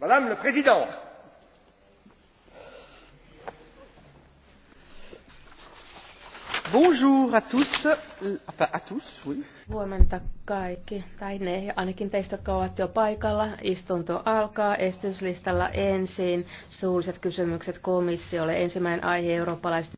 Madame le Président, Bonjour à tous, enfin à tous, oui. Huomenta kaikki, tai ne ainakin teistä, jotka ovat jo paikalla. Istunto alkaa esityslistalla ensin. Suulliset kysymykset komissiolle. Ensimmäinen aihe eurooppalaiset